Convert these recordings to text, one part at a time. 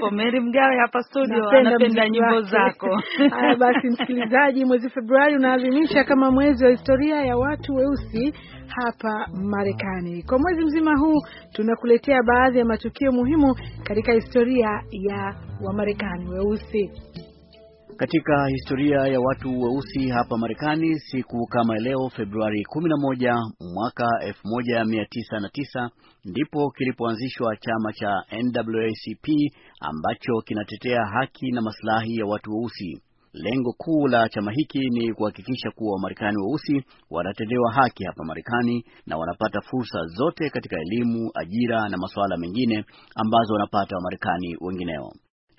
Hapo Mary Mgawe hapa studio anapenda nyimbo zako. Haya basi, msikilizaji, mwezi Februari unaadhimisha kama mwezi wa historia ya watu weusi hapa Marekani. Kwa mwezi mzima huu tunakuletea baadhi ya matukio muhimu katika historia ya Wamarekani weusi. Katika historia ya watu weusi hapa Marekani, siku kama leo Februari 11 mwaka 1909 ndipo kilipoanzishwa chama cha NAACP ambacho kinatetea haki na masilahi ya watu weusi. Lengo kuu la chama hiki ni kuhakikisha kuwa Wamarekani weusi wanatendewa haki hapa Marekani na wanapata fursa zote katika elimu, ajira na masuala mengine ambazo wanapata Wamarekani wengineo.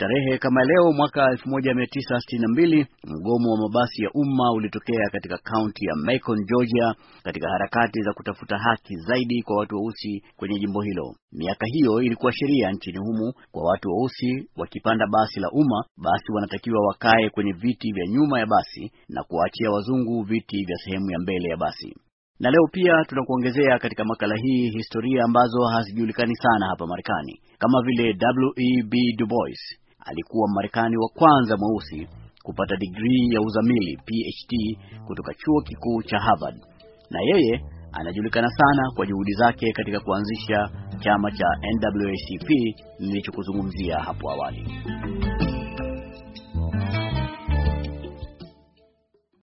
Tarehe kama leo mwaka 1962 mgomo wa mabasi ya umma ulitokea katika kaunti ya Macon, Georgia, katika harakati za kutafuta haki zaidi kwa watu weusi kwenye jimbo hilo. Miaka hiyo ilikuwa sheria nchini humu kwa watu weusi wakipanda basi la umma, basi wanatakiwa wakae kwenye viti vya nyuma ya basi na kuwaachia wazungu viti vya sehemu ya mbele ya basi. Na leo pia tunakuongezea katika makala hii historia ambazo hazijulikani sana hapa Marekani, kama vile W.E.B. Du Bois alikuwa Marekani wa kwanza mweusi kupata digrii ya uzamili PhD kutoka chuo kikuu cha Harvard, na yeye anajulikana sana kwa juhudi zake katika kuanzisha chama cha NAACP nilichokuzungumzia hapo awali.